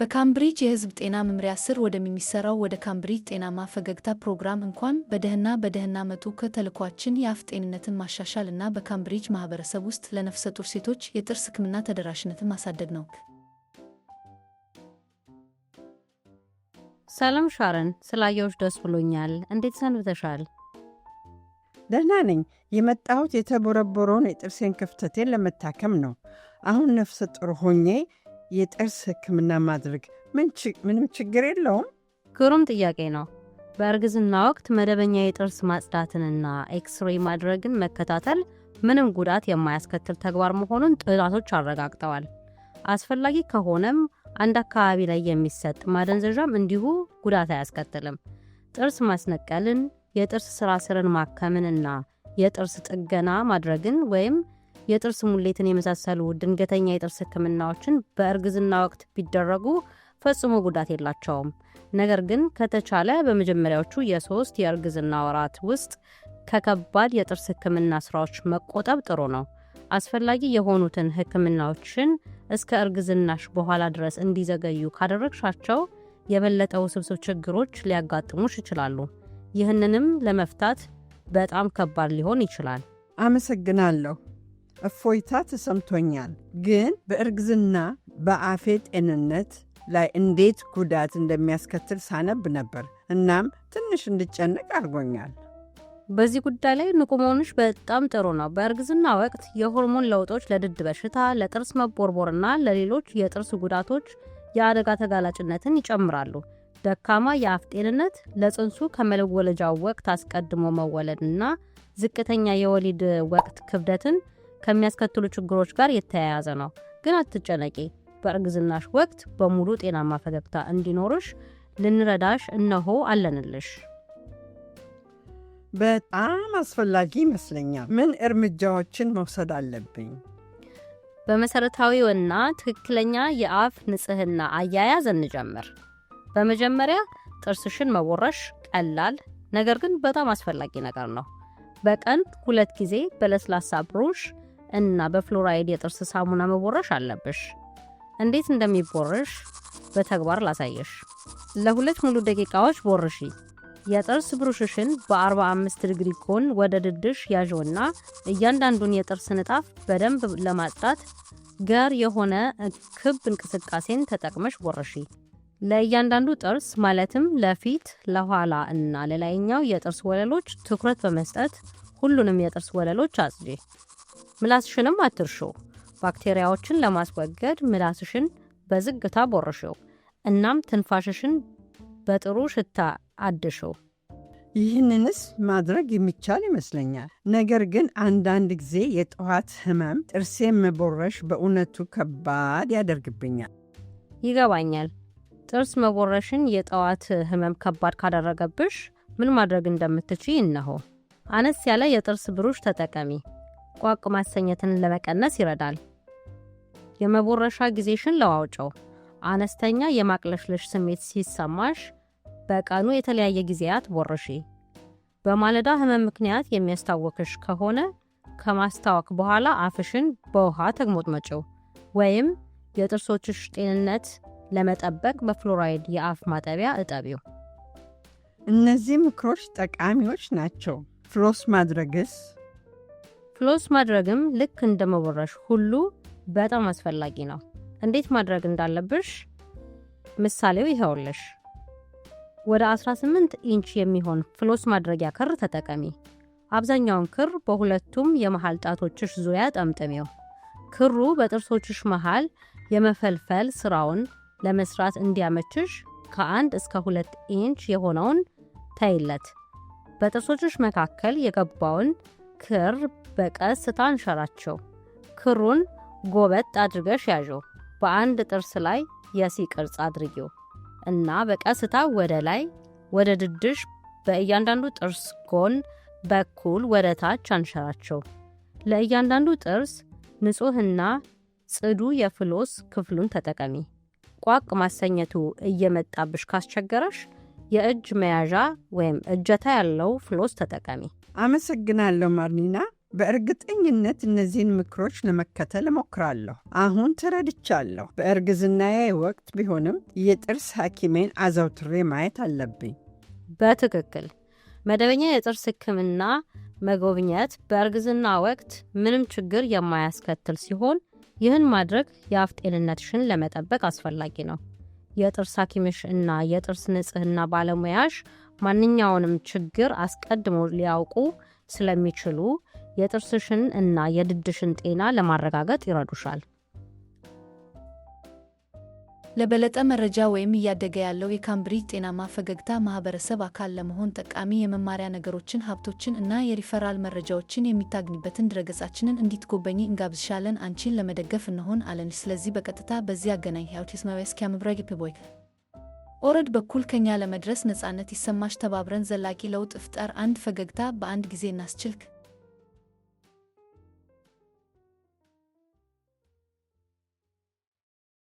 በካምብሪጅ የሕዝብ ጤና መምሪያ ስር ወደሚሰራው ወደ ካምብሪጅ ጤናማ ፈገግታ ፕሮግራም እንኳን በደህና በደህና መጡ። ከተልኳችን የአፍ ጤንነትን ማሻሻል እና በካምብሪጅ ማህበረሰብ ውስጥ ለነፍሰ ጡር ሴቶች የጥርስ ሕክምና ተደራሽነትን ማሳደግ ነው። ሰላም ሻረን፣ ስላየዎች ደስ ብሎኛል። እንዴት ሰንብተሻል? ደህና ነኝ። የመጣሁት የተቦረቦረውን የጥርሴን ክፍተቴን ለመታከም ነው። አሁን ነፍሰ ጡር ሆኜ የጥርስ ህክምና ማድረግ ምንም ችግር የለውም? ግሩም ጥያቄ ነው። በእርግዝና ወቅት መደበኛ የጥርስ ማጽዳትንና ኤክስሬ ማድረግን መከታተል ምንም ጉዳት የማያስከትል ተግባር መሆኑን ጥናቶች አረጋግጠዋል። አስፈላጊ ከሆነም አንድ አካባቢ ላይ የሚሰጥ ማደንዘዣም እንዲሁ ጉዳት አያስከትልም። ጥርስ ማስነቀልን፣ የጥርስ ስራ ስርን ማከምንና የጥርስ ጥገና ማድረግን ወይም የጥርስ ሙሌትን የመሳሰሉ ድንገተኛ የጥርስ ህክምናዎችን በእርግዝና ወቅት ቢደረጉ ፈጽሞ ጉዳት የላቸውም። ነገር ግን ከተቻለ በመጀመሪያዎቹ የሶስት የእርግዝና ወራት ውስጥ ከከባድ የጥርስ ህክምና ስራዎች መቆጠብ ጥሩ ነው። አስፈላጊ የሆኑትን ህክምናዎችን እስከ እርግዝናሽ በኋላ ድረስ እንዲዘገዩ ካደረግሻቸው የበለጠ ውስብስብ ችግሮች ሊያጋጥሙሽ ይችላሉ። ይህንንም ለመፍታት በጣም ከባድ ሊሆን ይችላል። አመሰግናለሁ። እፎይታ ተሰምቶኛል፣ ግን በእርግዝና በአፌ ጤንነት ላይ እንዴት ጉዳት እንደሚያስከትል ሳነብ ነበር። እናም ትንሽ እንድጨነቅ አድርጎኛል። በዚህ ጉዳይ ላይ ንቁ መሆንሽ በጣም ጥሩ ነው። በእርግዝና ወቅት የሆርሞን ለውጦች ለድድ በሽታ፣ ለጥርስ መቦርቦርና ለሌሎች የጥርስ ጉዳቶች የአደጋ ተጋላጭነትን ይጨምራሉ። ደካማ የአፍ ጤንነት ለጽንሱ ከመወለጃው ወቅት አስቀድሞ መወለድና ዝቅተኛ የወሊድ ወቅት ክብደትን ከሚያስከትሉ ችግሮች ጋር የተያያዘ ነው። ግን አትጨነቂ። በእርግዝናሽ ወቅት በሙሉ ጤናማ ፈገግታ እንዲኖርሽ ልንረዳሽ እነሆ አለንልሽ። በጣም አስፈላጊ ይመስለኛል። ምን እርምጃዎችን መውሰድ አለብኝ? በመሰረታዊውና ትክክለኛ የአፍ ንጽህና አያያዝ እንጀምር። በመጀመሪያ ጥርስሽን መቦረሽ ቀላል ነገር ግን በጣም አስፈላጊ ነገር ነው። በቀን ሁለት ጊዜ በለስላሳ ብሩሽ እና በፍሎራይድ የጥርስ ሳሙና መቦረሽ አለብሽ። እንዴት እንደሚቦረሽ በተግባር ላሳየሽ። ለሁለት ሙሉ ደቂቃዎች ቦርሺ። የጥርስ ብሩሽሽን በ45 ዲግሪ ኮን ወደ ድድሽ ያዥውና እያንዳንዱን የጥርስ ንጣፍ በደንብ ለማጽዳት ገር የሆነ ክብ እንቅስቃሴን ተጠቅመሽ ቦርሺ። ለእያንዳንዱ ጥርስ ማለትም ለፊት፣ ለኋላ እና ለላይኛው የጥርስ ወለሎች ትኩረት በመስጠት ሁሉንም የጥርስ ወለሎች አጽጂ። ምላስሽንም አትርሺው። ባክቴሪያዎችን ለማስወገድ ምላስሽን በዝግታ ቦርሺው። እናም ትንፋሽሽን በጥሩ ሽታ አድሽው። ይህንንስ ማድረግ የሚቻል ይመስለኛል። ነገር ግን አንዳንድ ጊዜ የጠዋት ህመም ጥርሴ መቦረሽ በእውነቱ ከባድ ያደርግብኛል። ይገባኛል። ጥርስ መቦረሽን የጠዋት ህመም ከባድ ካደረገብሽ ምን ማድረግ እንደምትችይ እነሆ። አነስ ያለ የጥርስ ብሩሽ ተጠቀሚ። ቋቅ ማሰኘትን ለመቀነስ ይረዳል። የመቦረሻ ጊዜሽን ለዋውጨው። አነስተኛ የማቅለሽለሽ ስሜት ሲሰማሽ በቀኑ የተለያየ ጊዜያት ቦርሺ። በማለዳ ህመም ምክንያት የሚያስታወክሽ ከሆነ ከማስታወክ በኋላ አፍሽን በውሃ ተግሞጥመጭው ወይም የጥርሶችሽ ጤንነት ለመጠበቅ በፍሎራይድ የአፍ ማጠቢያ እጠቢው። እነዚህ ምክሮች ጠቃሚዎች ናቸው። ፍሎስ ማድረግስ ፍሎስ ማድረግም ልክ እንደ ሁሉ በጣም አስፈላጊ ነው። እንዴት ማድረግ እንዳለብሽ ምሳሌው ይኸውልሽ። ወደ 18 ኢንች የሚሆን ፍሎስ ማድረጊያ ክር ተጠቀሚ። አብዛኛውን ክር በሁለቱም የመሃል ጣቶችሽ ዙሪያ ጠምጥሚው። ክሩ በጥርሶችሽ መሃል የመፈልፈል ስራውን ለመስራት እንዲያመችሽ ከአንድ እስከ ሁለት ኢንች የሆነውን ተይለት። በጥርሶችሽ መካከል የገባውን ክር በቀስታ አንሸራቸው። ክሩን ጎበጥ አድርገሽ ያዥው። በአንድ ጥርስ ላይ የሲ ቅርጽ አድርጊው እና በቀስታ ወደ ላይ ወደ ድድሽ በእያንዳንዱ ጥርስ ጎን በኩል ወደ ታች አንሸራቸው። ለእያንዳንዱ ጥርስ ንጹህና ጽዱ የፍሎስ ክፍሉን ተጠቀሚ። ቋቅ ማሰኘቱ እየመጣብሽ ካስቸገረሽ የእጅ መያዣ ወይም እጀታ ያለው ፍሎስ ተጠቀሚ። አመሰግናለሁ ማርኒና። በእርግጠኝነት እነዚህን ምክሮች ለመከተል እሞክራለሁ። አሁን ተረድቻለሁ። በእርግዝናዬ ወቅት ቢሆንም የጥርስ ሐኪሜን አዘውትሬ ማየት አለብኝ። በትክክል መደበኛ የጥርስ ሕክምና መጎብኘት በእርግዝና ወቅት ምንም ችግር የማያስከትል ሲሆን ይህን ማድረግ የአፍ ጤንነትሽን ለመጠበቅ አስፈላጊ ነው። የጥርስ ሐኪምሽ እና የጥርስ ንጽህና ባለሙያሽ ማንኛውንም ችግር አስቀድሞ ሊያውቁ ስለሚችሉ የጥርስሽን እና የድድሽን ጤና ለማረጋገጥ ይረዱሻል። ለበለጠ መረጃ ወይም እያደገ ያለው የካምብሪጅ ጤናማ ፈገግታ ማህበረሰብ አካል ለመሆን ጠቃሚ የመማሪያ ነገሮችን፣ ሀብቶችን እና የሪፈራል መረጃዎችን የሚታግኝበትን ድረገጻችንን እንዲትጎበኝ እንጋብዝሻለን። አንቺን ለመደገፍ እንሆን አለን። ስለዚህ በቀጥታ በዚህ አገናኝ ህያውት ምብረግ ኦረድ በኩል ከኛ ለመድረስ ነፃነት ይሰማሽ። ተባብረን ዘላቂ ለውጥ ፍጠር። አንድ ፈገግታ በአንድ ጊዜ እናስችልክ።